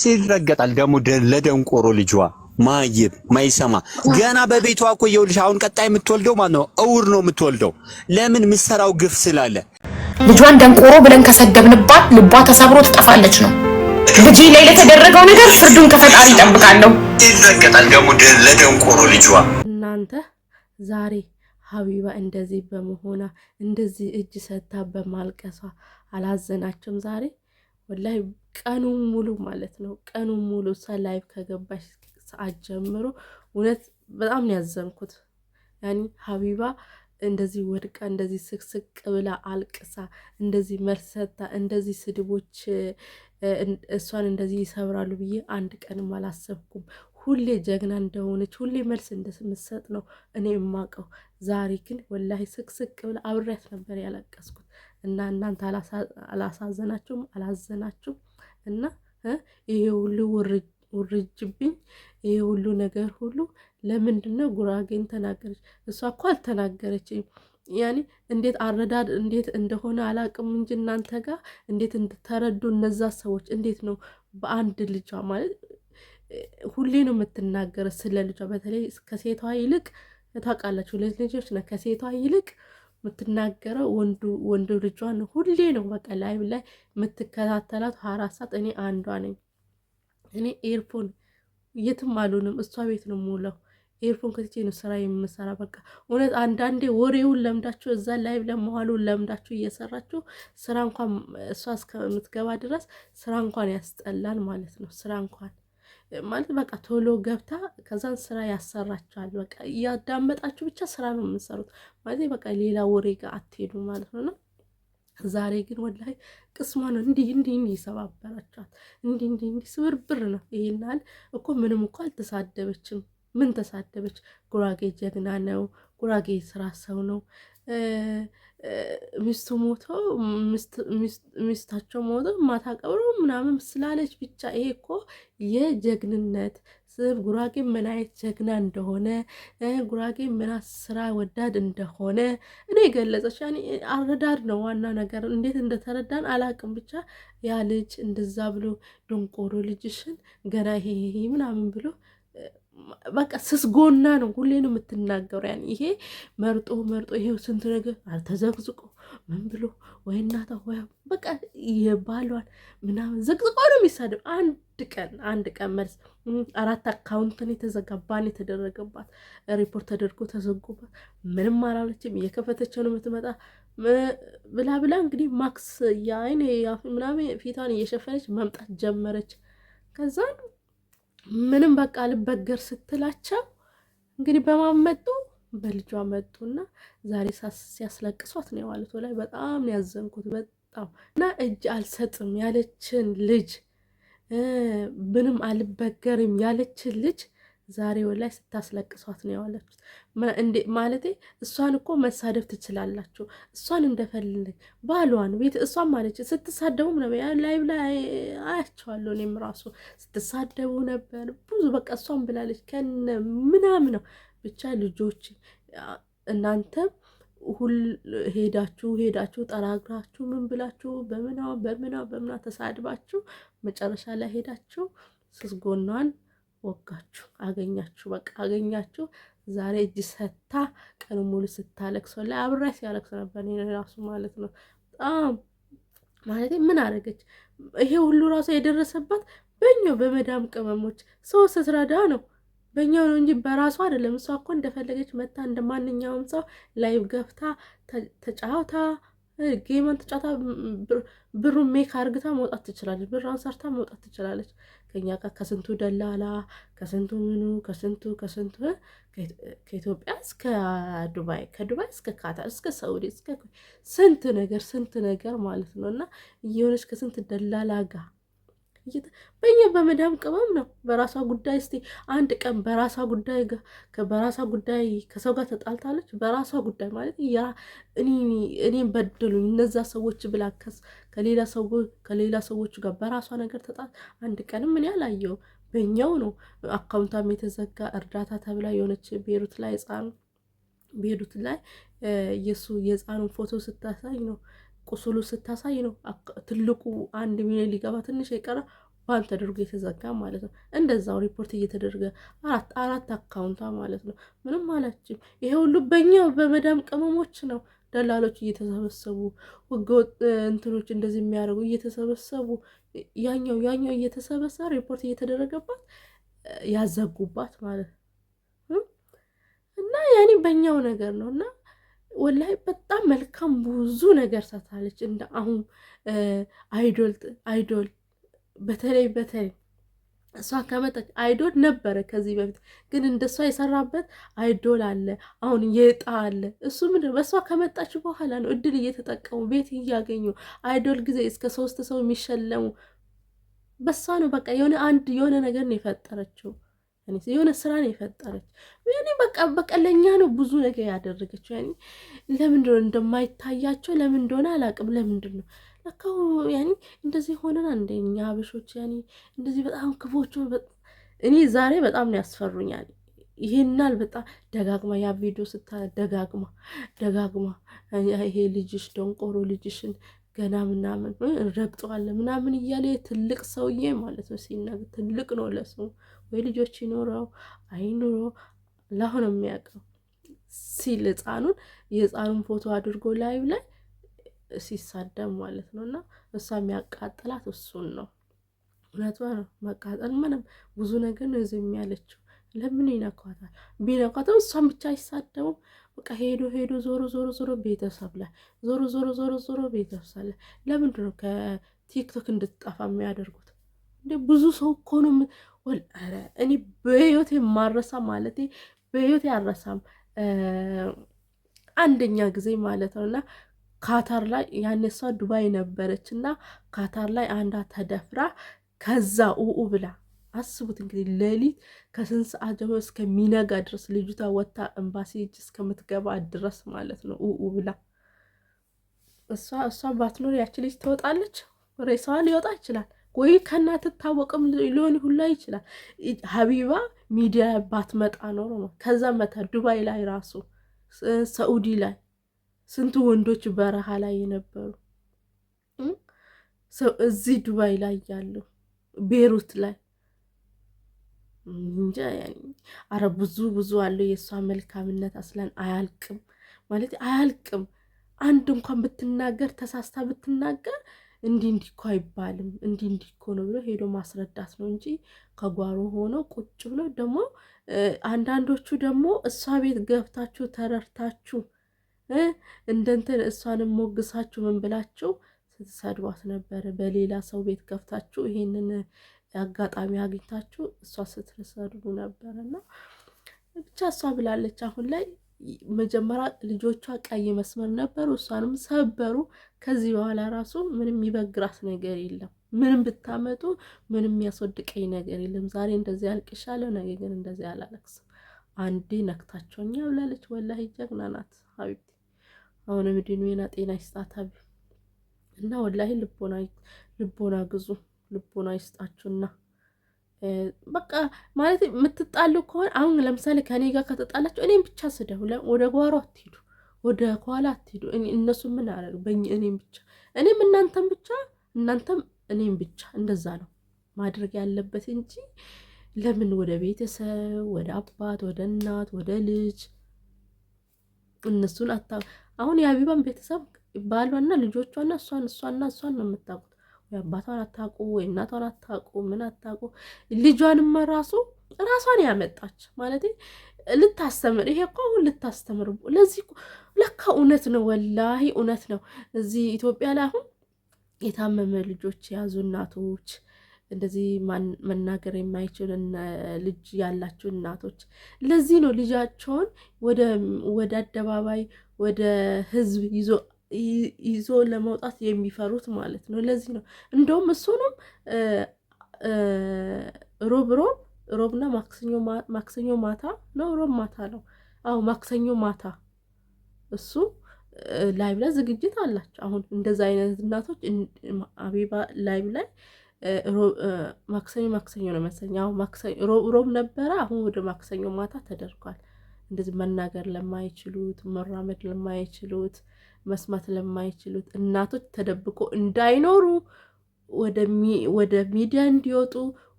ሲረገጣል ደግሞ ለደንቆሮ ልጇ ማይብ ማይሰማ ገና በቤቷ እኮ ይኸውልሽ፣ አሁን ቀጣይ የምትወልደው ማለት ነው እውር ነው የምትወልደው። ለምን ምሰራው ግፍ ስላለ ልጇን ደንቆሮ ብለን ከሰደብንባት ልቧ ተሰብሮ ትጠፋለች ነው። ልጅ ላይ ለተደረገው ነገር ፍርዱን ከፈጣሪ ይጠብቃለሁ። ይረገጣል ደግሞ ለደንቆሮ ልጇ። እናንተ ዛሬ ሀቢባ እንደዚህ በመሆኗ እንደዚህ እጅ ሰታ በማልቀሷ አላዘናችሁም ዛሬ ወላሂ ቀኑ ሙሉ ማለት ነው ቀኑ ሙሉ ሰላይፍ ከገባሽ ሰዓት ጀምሮ እውነት በጣም ነው ያዘንኩት። ያኒ ሀቢባ እንደዚህ ወድቃ እንደዚህ ስቅስቅ ብላ አልቅሳ እንደዚህ መልስ ሰጥታ እንደዚህ ስድቦች እሷን እንደዚህ ይሰብራሉ ብዬ አንድ ቀንም አላሰብኩም። ሁሌ ጀግና እንደሆነች ሁሌ መልስ እንደምትሰጥ ነው እኔ የማውቀው። ዛሬ ግን ወላሂ ስቅስቅ ብላ አብሬያት ነበር ያለቀስኩት። እና እናንተ አላሳዘናችሁም አላዘናችሁም እና ይሄ ሁሉ ውርጅብኝ ይሄ ሁሉ ነገር ሁሉ ለምንድን ነው ጉራጌን ተናገረች? እሷ እኮ አልተናገረችም። ያኔ እንዴት አረዳድ እንዴት እንደሆነ አላቅም እንጂ እናንተ ጋር እንዴት እንድተረዱ እነዛ ሰዎች እንዴት ነው በአንድ ልጇ ማለት ሁሌ ነው የምትናገረ ስለ ልጇ። በተለይ ከሴቷ ይልቅ ታውቃላችሁ፣ ልጆች ነ ከሴቷ ይልቅ የምትናገረው ወንዱ ልጇን ሁሌ ነው። በቃ ላይ ላይ የምትከታተላት ሀራት ሰዓት እኔ አንዷ ነኝ። እኔ ኤርፎን የትም አልሆንም፣ እሷ ቤት ነው የምውለው። ኤርፎን ከትቼ ነው ስራ የምሰራ። በቃ እውነት አንዳንዴ ወሬውን ለምዳችሁ እዛ ላይ ለመዋሉን ለምዳችሁ እየሰራችሁ ስራ እንኳን እሷ እስከምትገባ ድረስ ስራ እንኳን ያስጠላል ማለት ነው ስራ እንኳን ማለት በቃ ቶሎ ገብታ ከዛን ስራ ያሰራችኋል። በቃ እያዳመጣችሁ ብቻ ስራ ነው የምንሰሩት ማለት በቃ ሌላ ወሬ ጋር አትሄዱ ማለት ነው። ዛሬ ግን ወላሂ ቅስሟ ነው እንዲህ እንዲህ እንዲህ ይሰባበራችኋል። እንዲህ እንዲህ እንዲህ ስብርብር ነው። ይሄናል እኮ ምንም እኮ አልተሳደበችም። ምን ተሳደበች? ጉራጌ ጀግና ነው። ጉራጌ ስራ ሰው ነው። ሚስቱ ሞቶ ሚስታቸው ሞቶ ማታ ቀብሮ ምናምን ስላለች ብቻ ይሄ እኮ የጀግንነት ስብ ጉራጌ ምን አይነት ጀግና እንደሆነ ጉራጌ ምን ስራ ወዳድ እንደሆነ እኔ የገለጸች አረዳድ ነው ዋና ነገር። እንዴት እንደተረዳን አላቅም። ብቻ ያ ልጅ እንደዛ ብሎ ድንቆሮ ልጅሽን ገና ይሄ ምናምን ብሎ በቃ ስስጎና ነው ሁሌ ነው የምትናገሩ። ያን ይሄ መርጦ መርጦ ይሄው ስንት ነገር አልተዘቅዝቆ ምን ብሎ ወይ እናታ ወይ በቃ የባሏን ምናምን ዘቅዝቆ ነው የሚሳደብ። አንድ ቀን አንድ ቀን መልስ አራት አካውንትን የተዘጋባን የተደረገባት ሪፖርት ተደርጎ ተዘጉባት። ምንም አላለችም። እየከፈተቸው ነው የምትመጣ ብላ ብላ እንግዲህ ማክስ የአይን ምናምን ፊቷን እየሸፈነች መምጣት ጀመረች ከዛ ነው ምንም በቃ ልበገር ስትላቸው እንግዲህ በማን መጡ? በልጇ መጡና ዛሬ ሲያስለቅሷት ነው የዋሉት። ላይ በጣም ያዘንኩት በጣም እና እጅ አልሰጥም ያለችን ልጅ ምንም አልበገርም ያለችን ልጅ ዛሬ ላይ ስታስለቅሷት ነው የዋለችት። ማለቴ እሷን እኮ መሳደብ ትችላላችሁ፣ እሷን እንደፈልግ ባሏን ቤት እሷን ማለች ስትሳደቡም ነበር ላይቭ ላይ አያቸዋለሁ። እኔም ራሱ ስትሳደቡ ነበር ብዙ በቃ እሷን ብላለች ከነ ምናምን ነው ብቻ ልጆች እናንተም ሁል ሄዳችሁ ሄዳችሁ ጠራግራችሁ ምን ብላችሁ በምናው በምናው በምናው ተሳድባችሁ መጨረሻ ላይ ሄዳችሁ ስስ ወጋችሁ አገኛችሁ፣ በቃ አገኛችሁ። ዛሬ እጅ ሰታ ቀን ሙሉ ስታለቅሶ ላይ አብራ ሲያለቅሶ ነበር ራሱ ማለት ነው። በጣም ማለት ምን አደረገች? ይሄ ሁሉ ራሷ የደረሰባት በኛው በመዳም ቅመሞች ሰው ስትረዳ ነው። በኛው ነው እንጂ በራሷ አይደለም። እሷ እኮ እንደፈለገች መታ እንደ ማንኛውም ሰው ላይ ገብታ ተጫውታ ጌማን ተጫውታ ብሩን ሜክ አርግታ መውጣት ትችላለች። ብራን ሰርታ መውጣት ትችላለች። ከኛ ጋር ከስንቱ ደላላ ከስንቱ ምኑ ከስንቱ ከስንቱ ከኢትዮጵያ እስከ ዱባይ ከዱባይ እስከ ካታር እስከ ሳውዲ እስከ ስንት ነገር ስንት ነገር ማለት ነው እና እየሆነች ከስንት ደላላ ጋር በእኛ በመዳም ቅመም ነው በራሷ ጉዳይ። እስቲ አንድ ቀን በራሷ ጉዳይ በራሷ ጉዳይ ከሰው ጋር ተጣልታለች። በራሷ ጉዳይ ማለት ያ እኔም በደሉኝ እነዛ ሰዎች ብላ ከሌላ ሰው ከሌላ ሰዎቹ ጋር በራሷ ነገር ተጣል አንድ ቀንም እኔ አላየውም። በእኛው ነው አካውንታም የተዘጋ እርዳታ ተብላ የሆነች ቤሩት ላይ ህጻኑ ቤሩት ላይ የእሱ የህፃኑን ፎቶ ስታሳይ ነው ቁስሉ ስታሳይ ነው ትልቁ አንድ ሚሊዮን ሊገባ ትንሽ የቀረ ባን ተደርጎ የተዘጋ ማለት ነው። እንደዛው ሪፖርት እየተደረገ አራት አራት አካውንቷ ማለት ነው። ምንም አላችም። ይሄ ሁሉ በኛው በመዳም ቅመሞች ነው። ደላሎች እየተሰበሰቡ ህገወጥ እንትኖች እንደዚህ የሚያደርጉ እየተሰበሰቡ ያኛው ያኛው እየተሰበሰበ ሪፖርት እየተደረገባት ያዘጉባት ማለት ነው እና ያኔ በእኛው ነገር ነው እና ወላይ በጣም መልካም ብዙ ነገር ሰርታለች። እንደ አሁን አይዶል አይዶል በተለይ በተለይ እሷ ከመጣች አይዶል ነበረ ከዚህ በፊት ግን እንደሷ የሰራበት አይዶል አለ፣ አሁን የጣ አለ። እሱ ምንድን በእሷ ከመጣች በኋላ ነው እድል እየተጠቀሙ ቤት እያገኙ አይዶል ጊዜ እስከ ሶስት ሰው የሚሸለሙ በእሷ ነው። በቃ የሆነ አንድ የሆነ ነገር ነው የፈጠረችው። የሆነ ስራ ነው የፈጠረች። ያኔ በቃ ለእኛ ነው ብዙ ነገር ያደረገችው። ያኔ ለምን እንደማይታያቸው ለምን እንደሆነ አላውቅም። ለምንድን ነው ለካ ያኔ እንደዚህ ሆነን አንደኛ አበሾች ያኔ እንደዚህ በጣም ክፎች። እኔ ዛሬ በጣም ነው ያስፈሩኛል። ይሄናል በጣም ደጋግማ ያ ቪዲዮ ስታ ደጋግማ ደጋግማ ይሄ ልጅሽ ደንቆሮ ልጅሽን ገና ምናምን ረግጠዋለ ምናምን እያለ ትልቅ ሰውዬ ማለት ነው ሲናገር ትልቅ ነው ለሰው ወይ ልጆች ይኖረው አይኑሮ አላህ ነው የሚያውቀው ሲል ህፃኑን የህፃኑን ፎቶ አድርጎ ላይ ላይ ሲሳደብ ማለት ነው። እና እሷ የሚያቃጥላት እሱን ነው። እውነቷ ነው። መቃጠል ምንም ብዙ ነገር ነው ዝም የሚያለችው ለምን ይነኳታል? ቢነኳትም እሷን ብቻ አይሳደቡም። በቃ ሄዶ ሄዶ ዞሮ ዞሮ ዞሮ ቤተሰብ ላይ ዞሮ ዞሮ ዞሮ ዞሮ ቤተሰብ ላይ ለምንድን ነው ከቲክቶክ እንድትጠፋ የሚያደርጉት? እንደ ብዙ ሰው እኮ ነው ኧረ እኔ በህይወት ማረሳ ማለት በህይወት ያረሳም አንደኛ ጊዜ ማለት ነው እና ካታር ላይ ያኔ እሷ ዱባይ ነበረች እና ካታር ላይ አንዷ ተደፍራ ከዛ ኡኡ ብላ አስቡት እንግዲህ ሌሊት ከስንት ሰዓት ጀምሮ እስከሚነጋ ድረስ ልጅቷ ወታ ኤምባሲ እጅ እስከምትገባ ድረስ ማለት ነው ኡኡ ብላ እሷ እሷ ባትኖር ያች ልጅ ትወጣለች፣ ሬሳዋ ሊወጣ ይችላል። ወይ ከናትታወቅም ሊሆን ሁላ ይችላል። ሀቢባ ሚዲያ ባትመጣ ኖሮ ነው። ከዛ መታ ዱባይ ላይ ራሱ ሰዑዲ ላይ ስንቱ ወንዶች በረሃ ላይ የነበሩ እዚህ ዱባይ ላይ ያሉ ቤሩት ላይ እንጃ አረ ብዙ ብዙ አለው። የእሷ መልካምነት አስለን አያልቅም ማለት አያልቅም። አንድ እንኳን ብትናገር ተሳስታ ብትናገር እንዲህ እንዲህ እኮ አይባልም እንዲህ እንዲህ እኮ ነው ብሎ ሄዶ ማስረዳት ነው እንጂ ከጓሮ ሆነው ቁጭ ብሎ ደግሞ አንዳንዶቹ ደግሞ እሷ ቤት ገብታችሁ ተረድታችሁ እንደንትን እሷንም ሞግሳችሁ ምን ብላችሁ ስትሰድቧት ነበረ። በሌላ ሰው ቤት ገብታችሁ ይሄንን አጋጣሚ አግኝታችሁ እሷ ስትሰድቡ ነበር ብቻ እሷ ብላለች አሁን ላይ መጀመሪያ ልጆቿ ቀይ መስመር ነበሩ፣ እሷንም ሰበሩ። ከዚህ በኋላ ራሱ ምንም ይበግራት ነገር የለም። ምንም ብታመጡ ምንም የሚያስወድቀኝ ነገር የለም። ዛሬ እንደዚህ አልቅሻለሁ፣ ነገ ግን እንደዚህ አላለቅስም። አንዴ ነክታቸውኛ ብላለች። ወላሂ ጀግና ናት ሀቢብቲ። አሁንም ዕድሜና ጤና ይስጣት ሀቢብ እና ወላሂ ልቦና ግዙ፣ ልቦና ይስጣችሁና በቃ ማለት የምትጣሉ ከሆነ አሁን ለምሳሌ ከኔ ጋር ከተጣላችሁ እኔም ብቻ ስደው ወደ ጓሮ አትሄዱ። ወደ ኋላ አትሄዱ። እነሱ ምን አደረግ በእኔ እኔም ብቻ እኔም እናንተም ብቻ እናንተም እኔም ብቻ እንደዛ ነው ማድረግ ያለበት እንጂ ለምን ወደ ቤተሰብ ወደ አባት ወደ እናት ወደ ልጅ እነሱን አታ አሁን የአቢባን ቤተሰብ ባሏና ልጆቿና እሷን እሷና እሷን ነው የምታውቁት። ወይ አባቷን አታውቁ፣ ወይ እናቷን አታውቁ፣ ምን አታውቁ። ልጇንም ራሱ ራሷን ያመጣች ማለት ልታስተምር ይሄ እኮ አሁን ልታስተምር ለዚህ ለካ እውነት ነው፣ ወላሂ እውነት ነው። እዚህ ኢትዮጵያ ላይ አሁን የታመመ ልጆች የያዙ እናቶች እንደዚህ መናገር የማይችል ልጅ ያላቸው እናቶች ለዚህ ነው ልጃቸውን ወደ አደባባይ ወደ ህዝብ ይዞ ይዞ ለመውጣት የሚፈሩት ማለት ነው። ለዚህ ነው እንደውም እሱንም ሮብ ሮብና ማክሰኞ ማታ ነው። ሮብ ማታ ነው። አዎ ማክሰኞ ማታ እሱ ላይቭ ላይ ዝግጅት አላቸው። አሁን እንደዛ አይነት እናቶች አቢባ ላይቭ ላይ ማክሰኞ ማክሰኞ ነው መሰለኝ። አዎ ሮብ ነበረ። አሁን ወደ ማክሰኞ ማታ ተደርጓል። እንደዚህ መናገር ለማይችሉት መራመድ ለማይችሉት መስማት ለማይችሉት እናቶች ተደብቆ እንዳይኖሩ ወደ ሚዲያ እንዲወጡ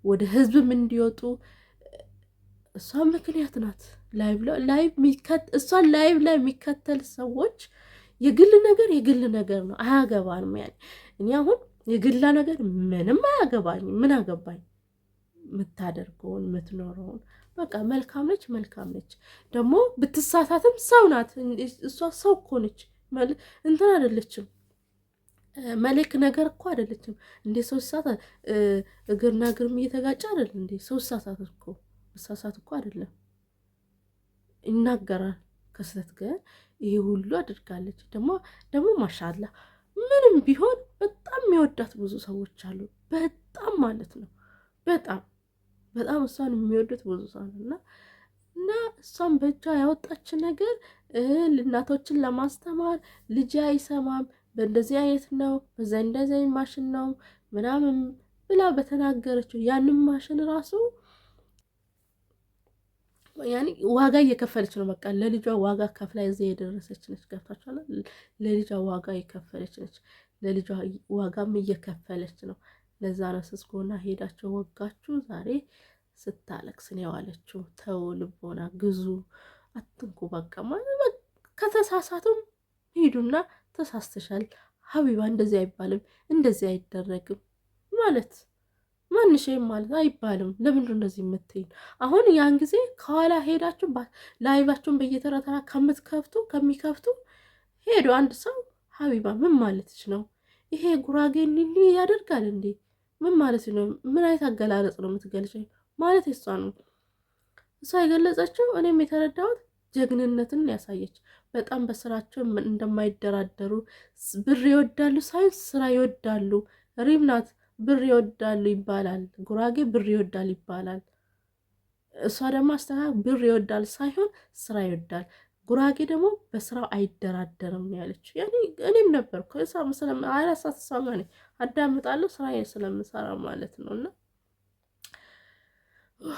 ወደ ህዝብም እንዲወጡ እሷ ምክንያት ናት። እሷን ላይቭ ላይ የሚከተል ሰዎች የግል ነገር የግል ነገር ነው፣ አያገባንም። ያ እኔ አሁን የግላ ነገር ምንም አያገባኝ። ምን አገባኝ? የምታደርገውን የምትኖረውን በቃ መልካም ነች፣ መልካም ነች። ደግሞ ብትሳሳትም ሰው ናት። እሷ ሰው እኮ ነች፣ እንትን አይደለችም። መልክ ነገር እኮ አይደለችም እንዴ? ሶስት ሰዓት እግርና እግርም እየተጋጨ አይደል እንዴ? ሶስት ሰዓት እኮ ሶስት ሰዓት እኮ አይደለም። ይናገራል ከስተት ግን ይሄ ሁሉ አድርጋለች። ደግሞ ደግሞ ማሻላ ምንም ቢሆን በጣም የሚወዳት ብዙ ሰዎች አሉ። በጣም ማለት ነው በጣም በጣም እሷን የሚወዱት ብዙ ሰዎች እና እና እሷን በእጇ ያወጣች ነገር ልናቶችን ለማስተማር ልጅ አይሰማም በእንደዚህ አይነት ነው በዛ እንደዚህ ማሽን ነው ምናምን ብላ በተናገረችው ያንም ማሽን ራሱ ያኔ ዋጋ እየከፈለች ነው። በቃ ለልጇ ዋጋ ከፍላ እዚህ የደረሰች ነች። ገብታችኋል? ለልጇ ዋጋ የከፈለች ነች። ለልጇ ዋጋም እየከፈለች ነው። ለዛ ነው ስስጎና ሄዳቸው ወጋችሁ ዛሬ ስታለቅስን የዋለችው። ተው ልቦና ግዙ፣ አትንኩ። በቃ ከተሳሳቱም ሂዱና ተሳስተሻል፣ ሀቢባ እንደዚህ አይባልም፣ እንደዚህ አይደረግም ማለት ማንሽም ማለት አይባልም። ለምንድ እንደዚህ የምትይኝ? አሁን ያን ጊዜ ከኋላ ሄዳችሁ ላይቫችሁን በየተራተራ ከምትከፍቱ ከሚከፍቱ ሄዱ አንድ ሰው ሀቢባ ምን ማለትች ነው ይሄ ጉራጌ እንዲ ያደርጋል እንዴ? ምን ማለት ነው? ምን አይነት አገላለጽ ነው የምትገልጨኝ? ማለት እሷ ነው እሷ የገለጸችው። እኔም የተረዳሁት ጀግንነትን ያሳየች በጣም በስራቸው እንደማይደራደሩ ብር ይወዳሉ ሳይንስ ስራ ይወዳሉ። ሪም ናት ብር ይወዳሉ ይባላል። ጉራጌ ብር ይወዳል ይባላል። እሷ ደግሞ አስተካ ብር ይወዳል ሳይሆን ስራ ይወዳል። ጉራጌ ደግሞ በስራው አይደራደርም ያለች። እኔም ነበር ስለ ነበርኩ ሳ አዳምጣለሁ ስራ ስለምሰራ ማለት ነው እና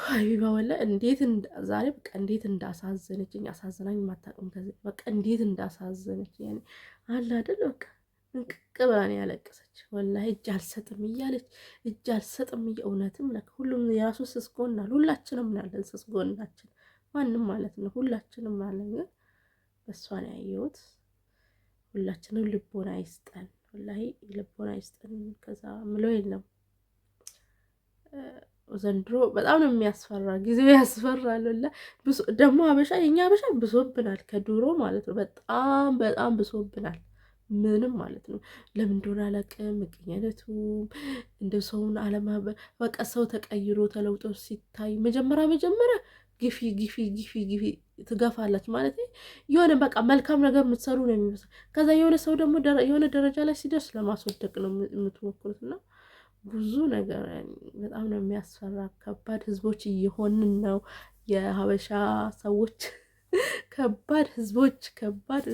ሀቢባ ወላ እንዴት ዛሬ በቃ እንዴት እንዳሳዘነችኝ አሳዝናኝ ማታቅም ከዚህ በቃ እንዴት እንዳሳዘነች ያኔ አለ አይደል በቃ እንቅቅ ብላ ነው ያለቀሰች። ወላ እጅ አልሰጥም እያለች እጅ አልሰጥም እያ እውነትም ነ ሁሉም የራሱ ስስ ጎን ሁላችንም ናለን ስስ ጎናችን ማንም ማለት ነው ሁላችንም አለን። ግን በእሷን ያየሁት ሁላችንም ልቦና ይስጠን፣ ወላ ልቦና ይስጠን። ከዛ ምለው የለም ዘንድሮ በጣም ነው የሚያስፈራ፣ ጊዜው ያስፈራል። ደግሞ አበሻ የኛ አበሻ ብሶብናል፣ ከድሮ ማለት ነው። በጣም በጣም ብሶብናል። ምንም ማለት ነው። ለምን እንደሆነ አላውቅም። እንደ ሰውን አለማበ በቃ ሰው ተቀይሮ ተለውጦ ሲታይ መጀመሪያ መጀመሪያ ግፊ ግፊ ግፊ ግፊ ትገፋላች ማለት የሆነ በቃ መልካም ነገር የምትሰሩ ነው የሚመስለው። ከዛ የሆነ ሰው ደግሞ የሆነ ደረጃ ላይ ሲደርስ ለማስወደቅ ነው የምትሞክሩት እና ብዙ ነገር በጣም ነው የሚያስፈራ። ከባድ ህዝቦች እየሆንን ነው። የሀበሻ ሰዎች ከባድ ህዝቦች፣ ከባድ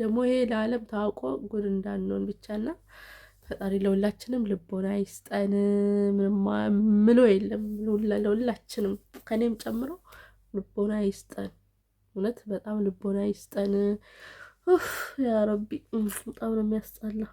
ደግሞ ይሄ ለዓለም ታውቆ ጉድ እንዳንሆን ብቻና ፈጣሪ ለሁላችንም ልቦና ይስጠን። ምሎ የለም ለሁላችንም ከኔም ጨምሮ ልቦና ይስጠን። እውነት በጣም ልቦና ይስጠን። ያ ረቢ በጣም ነው የሚያስጠላ።